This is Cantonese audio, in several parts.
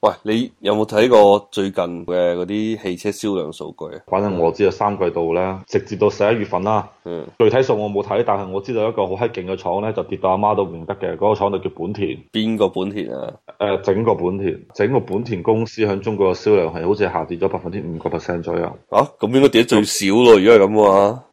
喂，你有冇睇過最近嘅嗰啲汽車銷量數據啊？反正我知道三季度啦，直至到十一月份啦。嗯，具體數我冇睇，但係我知道一個好閪勁嘅廠咧，就跌到阿媽都唔認得嘅。嗰、嗰個廠就叫本田。邊個本田啊？誒、呃，整個本田，整個本田公司喺中國嘅銷量係好似下跌咗百分之五個 percent 左右。啊，咁應該跌得最少咯，如果係咁嘅話。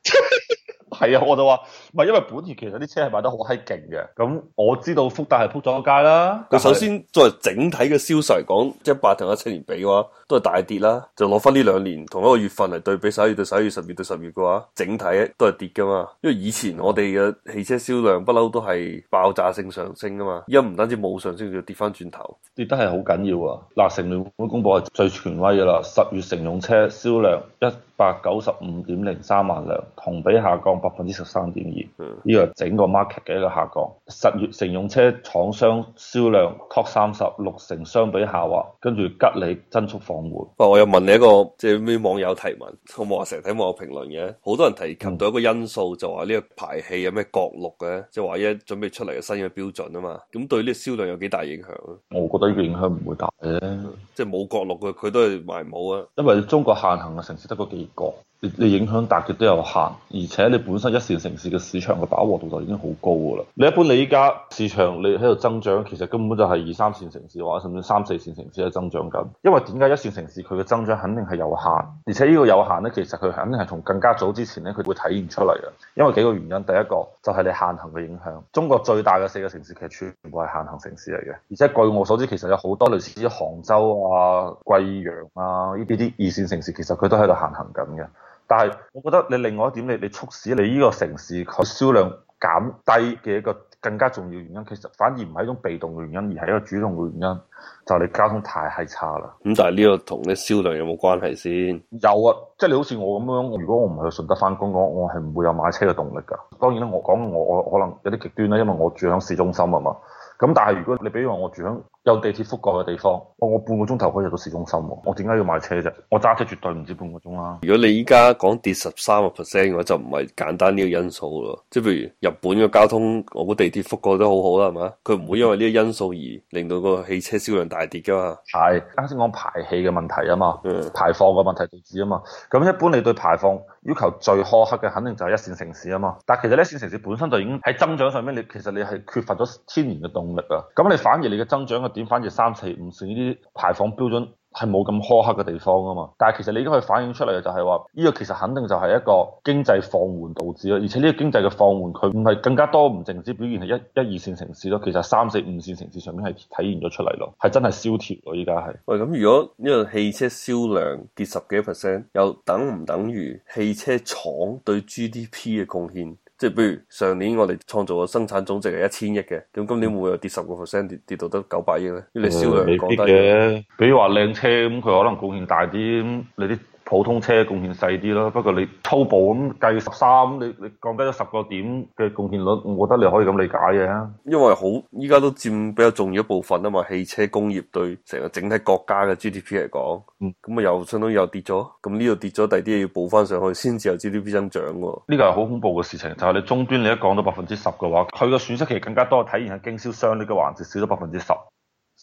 係 啊，我就話。因為本田其實啲車係賣得好閪勁嘅。咁我知道福大係撲咗街啦。佢是首先作為整體嘅銷售嚟講，即係八同一七年比嘅話，都係大跌啦。就攞翻呢兩年同一個月份嚟對比，十一月對十一月，十月對十月嘅話，整體都係跌㗎嘛。因為以前我哋嘅汽車銷量不嬲都係爆炸性上升㗎嘛，而家唔單止冇上升，就跌翻轉頭。跌得係好緊要啊！嗱，乘聯會公佈係最權威嘅啦。十月乘用車銷量一百九十五點零三萬輛，同比下降百分之十三點二。呢、嗯、個整個 market 嘅一、這個下降。十月乘用車廠商銷量 top 三十六成相比下滑，跟住吉利增速放緩。不過我又問你一個，即係咩網友提問？我冇話成日睇網友評論嘅，好多人提及到一個因素，就話呢個排氣有咩國六嘅，即係話一準備出嚟嘅新嘅標準啊嘛。咁對呢個銷量有幾大影響咧？我覺得影響唔會大嘅、啊嗯，即係冇國六嘅，佢都係賣唔好啊。因為中國限行嘅城市得嗰幾個。你影響大極都有限，而且你本身一線城市嘅市場嘅飽和度就已經好高㗎啦。你一般你依家市場你喺度增長，其實根本就係二三線城市話，甚至三四線城市嘅增長緊。因為點解一線城市佢嘅增長肯定係有限，而且呢個有限呢，其實佢肯定係從更加早之前呢，佢會體現出嚟嘅。因為幾個原因，第一個就係、是、你限行嘅影響。中國最大嘅四個城市其實全部係限行城市嚟嘅，而且據我所知，其實有好多類似杭州啊、貴陽啊呢啲啲二線城市，其實佢都喺度限行緊嘅。但係，我覺得你另外一點，你你促使你呢個城市佢銷量減低嘅一個更加重要原因，其實反而唔係一種被動嘅原因，而係一個主動嘅原因，就係、是、你交通太閪差啦。咁、嗯、但係呢個同你銷量有冇關係先、嗯？有啊，即係你好似我咁樣，如果我唔係去順德翻工，我我係唔會有買車嘅動力㗎。當然啦，我講我我可能有啲極端啦，因為我住喺市中心啊嘛。咁但係如果你比如話我住喺有地鐵覆蓋嘅地方，我我半個鐘頭可以入到市中心喎，我點解要買車啫？我揸車絕對唔止半個鐘啦。如果你依家講跌十三個 percent 嘅話，就唔係簡單呢個因素咯。即係譬如日本嘅交通，我估地鐵覆蓋得好好啦，係咪？佢唔會因為呢個因素而令到個汽車銷量大跌噶嘛？係啱先講排氣嘅問題啊嘛，嗯，排放嘅問題導致啊嘛。咁一般你對排放？要求最苛刻嘅，肯定就係一線城市啊嘛！但其實一線城市本身就已經喺增長上面，你其實你係缺乏咗天然嘅動力啊！咁你反而你嘅增長嘅點，反而三四五線呢啲排放標準係冇咁苛刻嘅地方啊嘛，但係其實你都可以反映出嚟嘅就係話，呢個其實肯定就係一個經濟放緩導致咯，而且呢個經濟嘅放緩佢唔係更加多唔淨止表現喺一、一、二線城市咯，其實三四五線城市上面係體現咗出嚟咯，係真係蕭條咯依家係。喂，咁如果呢個汽車銷量跌十幾 percent，又等唔等於汽車廠對 GDP 嘅貢獻？即係譬如上年我哋創造嘅生產總值係一千億嘅，咁今年會唔會跌十個 percent 跌到得九百億咧？你銷量降低嘅，比如話靚車咁，佢可能貢獻大啲咁，你啲。普通車貢獻細啲咯，不過你粗暴咁計十三，你你降低咗十個點嘅貢獻率，我覺得你可以咁理解嘅。因為好依家都佔比較重要一部分啊嘛，因為汽車工業對成個整體國家嘅 GDP 嚟講，咁啊、嗯、又相當又跌咗，咁呢度跌咗，第二啲嘢要補翻上去先至有 GDP 增長喎。呢個係好恐怖嘅事情，就係、是、你終端你一降到百分之十嘅話，佢個損失其實更加多，體現喺經銷商呢個環節少咗百分之十。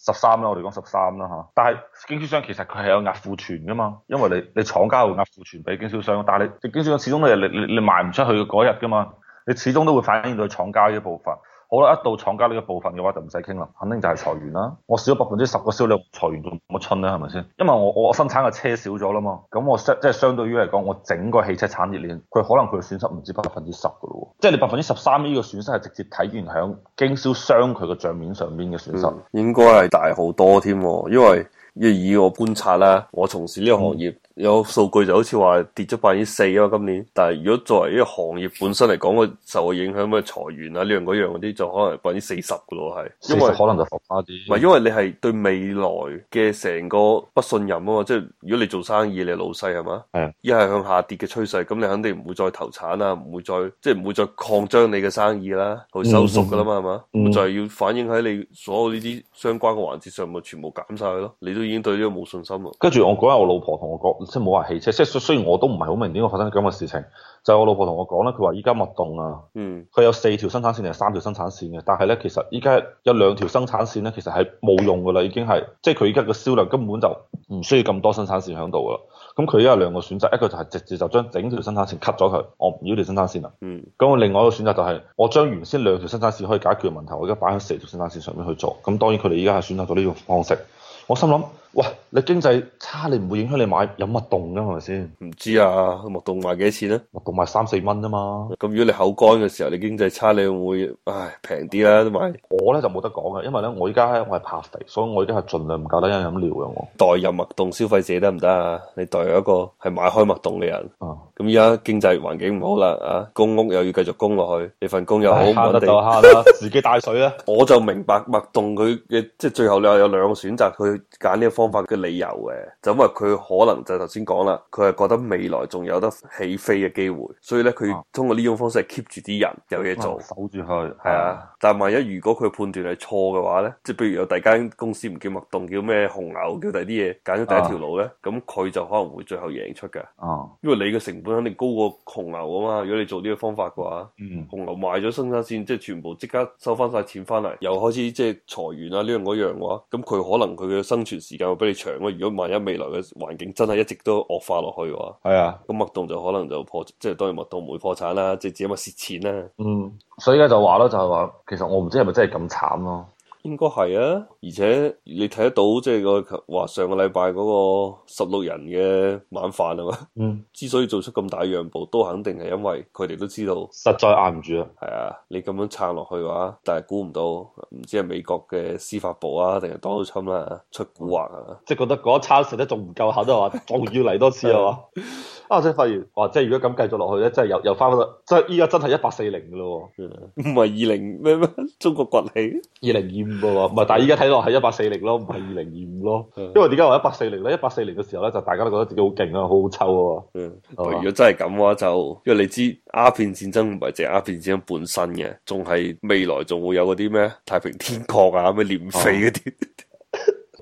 十三啦，13，我哋講十三啦吓。但係經銷商其實佢係有壓庫存㗎嘛，因為你你廠家會壓庫存俾經銷商，但係你經銷商始終都係你你你賣唔出去嗰日㗎嘛，你始終都會反映到廠家一部分。好啦，一到廠家呢個部分嘅話，就唔使傾啦，肯定就係裁員啦。我少咗百分之十個銷量，裁員做乜春咧？係咪先？因為我我生產嘅車少咗啦嘛，咁我相即係相對於嚟講，我整個汽車產業鏈，佢可能佢嘅損失唔止百分之十嘅咯。即係你百分之十三呢個損失係直接體現響經銷商佢嘅帳面上邊嘅損失，嗯、應該係大好多添，因為。以我觀察啦，我從事呢個行業、哦、有數據就好似話跌咗百分之四啊，今年。但係如果作為一個行業本身嚟講，個受影響咩啊裁員啊呢樣嗰樣嗰啲就可能百分之四十㗎咯，係、啊。四十可能就浮誇啲。唔係，因為你係對未來嘅成個不信任啊，即係如果你做生意，你老細係嘛？係。的一係向下跌嘅趨勢，咁你肯定唔會再投產啦、啊，唔會再即係唔會再擴張你嘅生意啦，去收縮㗎啦嘛係嘛？就係要反映喺你所有呢啲相關嘅環節上，咪全部減晒佢咯，你都，都。已經對呢個冇信心啦。跟住我講下，我老婆同我講，即係冇話汽車，即係雖然我都唔係好明點樣發生咁嘅事情，就係、是，我老婆同我講啦，佢話依家物凍啊。嗯。佢有四條生產線定係三條生產線嘅，但係咧其實依家有兩條生產線咧，其實係冇用噶啦，已經係，即係佢依家嘅銷量根本就唔需要咁多生產線喺度噶啦。咁佢依家有兩個選擇，一個就係直接就將整條生產線 cut 咗佢，我唔要條生產線啦。嗯。咁我另外一個選擇就係、是，我將原先兩條生產線可以解決嘅問題，我而家擺喺四條生產線上面去做。咁當然佢哋而家係選擇咗呢個方式。我心諗。喂，你經濟差，你唔會影響你買飲脈動噶係咪先？唔知啊，脈動賣幾多錢啊？脈動賣三四蚊啫嘛。咁如果你口乾嘅時候，你經濟差會會，你會唉平啲啦。啊、我咧就冇得講嘅，因為咧我而家我係怕肥，所以我而家係盡量唔搞得飲飲料嘅我。代入脈動消費者得唔得啊？你代入一個係買開脈動嘅人。哦、嗯。咁而家經濟環境唔好啦，啊，供屋又要繼續供落去，你份工又好冇得唉就慳啦， 自己帶水啦。我就明白脈動佢嘅，即係最後你係有兩個選擇佢揀呢一方法嘅理由嘅，就因為佢可能就頭先講啦，佢係覺得未來仲有得起飛嘅機會，所以咧佢通過呢種方式係 keep 住啲人有嘢做，啊，守住佢係的啊。但係萬一如果佢判斷係錯嘅話咧，即係譬如有第間公司唔叫麥動，叫咩紅牛，叫第啲嘢揀咗第一條路咧，咁佢，啊，就可能會最後贏出嘅。哦，啊，因為你嘅成本肯定高過紅牛啊嘛，如果你做呢個方法嘅話，嗯，紅牛賣咗生產線，即係全部即刻收翻晒錢翻嚟，又開始即係裁員啊呢樣嗰樣嘅話，咁佢可能佢嘅生存時間。俾你長咯，如果萬一未來嘅環境真係一直都惡化落去嘅話，係啊，咁脈動就可能就破，即係當然脈動唔會破產啦，即係只係咪蝕錢啦？嗯，所以咧就話咯，就係話其實我唔知係咪真係咁慘咯。應該係啊，而且你睇得到即係個話上個禮拜嗰個十六人嘅晚飯啊嘛，嗯，之所以做出咁大讓步，都肯定係因為佢哋都知道實在壓唔住啊，係啊，你咁樣撐落去嘅話，但係估唔到唔知係美國嘅司法部啊，定係 Donald Trump 啊，出蠱惑啊，即係覺得嗰餐食得仲唔夠下都話，仲要嚟多次 啊嘛，啱先發現哇，即係如果咁繼續落去咧，即係又又翻翻，即真依家真係一八四零嘅咯，唔係二零咩咩中國崛起二零二。 唔係，但係依家睇落係一八四零咯，唔係二零二五咯。 因為點解話一八四零咧？一八四零嘅時候咧，就大家都覺得自己好勁啊，好好抽啊。嗯，吧如果真係咁嘅話，就因為你知鴉片戰爭唔係淨係鴉片戰爭本身嘅，仲係未來仲會有嗰啲咩太平天國啊，咩捻肥嗰啲。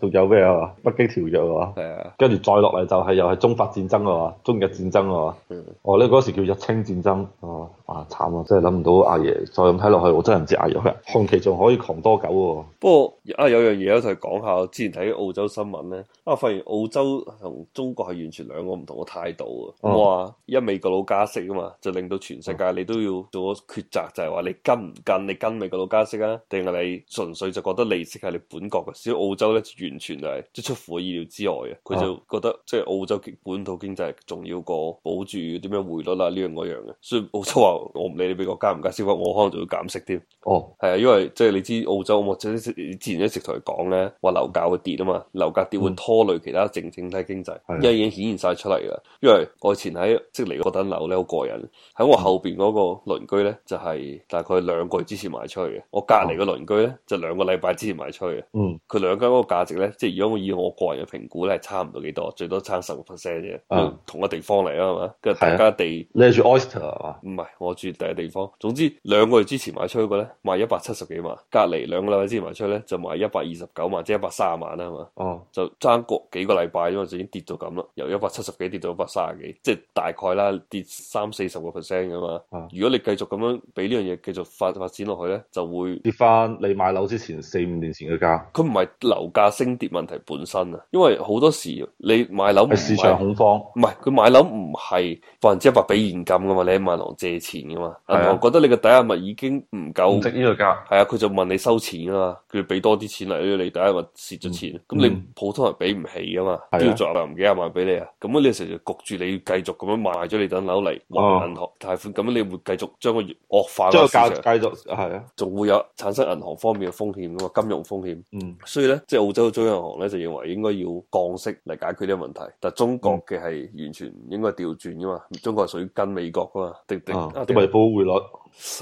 仲有咩啊？北京條約啊跟住、啊、再落嚟就係又係中法戰爭啊嘛，中日戰爭啊嘛。嗯、哦，呢嗰時叫日清戰爭。哦。哇，慘啊！真係諗唔到，阿爺再咁睇落去，我真係唔知阿爺、爺。紅旗仲可以狂多久喎、啊？不過啊，有樣嘢、就係、一齊講下。我之前睇澳洲新聞咧，啊發現澳洲同中國係完全兩個唔同嘅態度啊。哇、嗯！一美國佬加息啊嘛，就令到全世界你都要做個抉擇，嗯、就係話你跟唔跟？你跟美國佬加息啊，定係你純粹就覺得利息係你本國嘅？所以澳洲咧完全就係即係出乎我意料之外嘅，佢就覺得即係澳洲本土經濟重要過保住點樣匯率啦、啊、呢樣嗰樣嘅，所以澳洲話我唔理你美國我加唔加息，我可能就要減息添。哦，係啊，因為即係你知澳洲，我之前一直同佢講咧，話樓價會跌啊嘛，樓價跌會拖累其他整整體經濟，嗯、因為已經顯現晒出嚟噶。因為我以前喺即嚟嗰單樓咧好過癮，喺我後邊嗰個鄰居咧就係、是、大概兩個月之前買出去嘅，我隔離嘅鄰居咧就兩個禮拜之前買出去嘅。嗯，佢兩間嗰個價值。即係如果我以我個人嘅評估咧，係差唔到幾多，多，最多差十五 percent 啫。Uh, 同一個地方嚟啊係嘛？跟住的大家地，你住 Oyster 啊？唔係，我住第個地方。總之兩個月之前賣出去個咧，賣一百七十幾萬；隔籬兩個禮拜之前賣出去咧，就賣一百二十九萬，即係一百卅萬啦，係嘛？哦，就爭過幾個禮拜，因為已經跌到咁咯，由一百七十幾跌到一百卅幾，即係大概啦，跌三四十個 percent 噶嘛。Uh, 如果你繼續咁樣俾呢樣嘢繼續發發展落去咧，就會跌翻你買樓之前四五年前嘅價。佢唔係樓價升。跌問題本身啊，因為好多時你買樓係市場恐慌，唔係佢買樓唔係百分之一百俾現金噶嘛，你喺萬籟借錢噶嘛，銀行覺得你嘅抵押物已經唔夠，值呢個價，係啊，佢就問你收錢啊嘛，佢要俾多啲錢嚟俾你抵押物蝕咗錢，咁、嗯、你普通人俾唔起啊嘛，嗯、都要再攞唔幾廿萬俾你啊，咁你成日焗住你要繼續咁樣賣咗你棟樓嚟還銀行貸款，咁你會繼續將個惡化，將個價繼續係啊，仲會有產生銀行方面嘅風險噶嘛，金融風險，嗯，所以咧即係澳洲。中銀行咧就認為應該要降息嚟解決呢個問題，但係中國嘅係完全唔應該調轉噶嘛，中國係屬於跟美國噶嘛，定定都係保匯率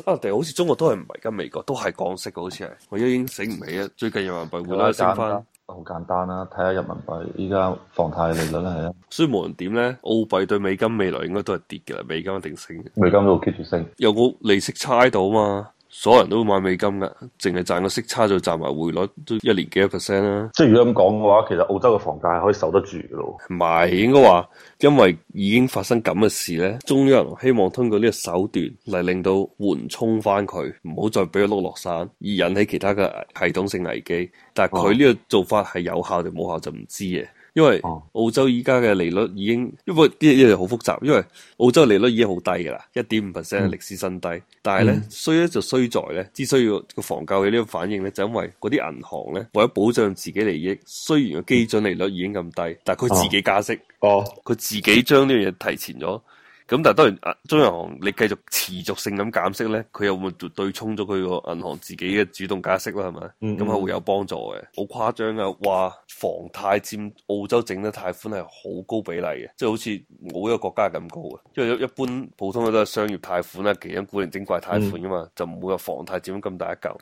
啊，定、啊啊、好似中國都係唔係跟美國，都係降息好似係我已經醒唔起啦，最近人民幣匯率升翻，好簡單啦，睇下、啊、人民幣依家房貸利率啦，係啊， 所以無論點咧，澳幣對美金未來應該都係跌嘅啦，美金一定升嘅，美金都會 keep 住升，有冇利息猜到嘛？所有人都會買美金噶，淨係賺個息差就賺埋匯率，都一年幾多 percent 啦。即係如果咁講嘅話，其實澳洲嘅房價係可以守得住嘅咯。唔係，應該話因為已經發生咁嘅事咧，中央希望通過呢個手段嚟令到緩衝翻佢，唔好再俾佢碌落山，而引起其他嘅系統性危機。但係佢呢個做法係有效定冇效就唔知嘅，因為澳洲依家嘅利率已經，因為啲嘢好複雜，因為澳洲利率已經好低㗎啦，一點五 percent 歷史新低。但係咧，衰咧就衰在咧，只需要個房價嘅呢個反應咧，就因為嗰啲銀行咧，為咗保障自己利益，雖然個基準利率已經咁低，但係佢自己加息，佢、啊啊、自己將呢樣嘢提前咗。咁但係當然啊，中央銀行你繼續持續性咁減息咧，佢又會對沖咗佢個銀行自己嘅主動加息啦？係咪？咁係、嗯、會有幫助嘅。好誇張啊！話房貸佔澳洲整得貸款係好高比例嘅，即、就、係、是、好似我呢個國家咁高嘅，因為一一般普通嘅都係商業貸款啊，其因古靈精怪貸款噶嘛，嗯、就唔會有房貸佔咁大一嚿。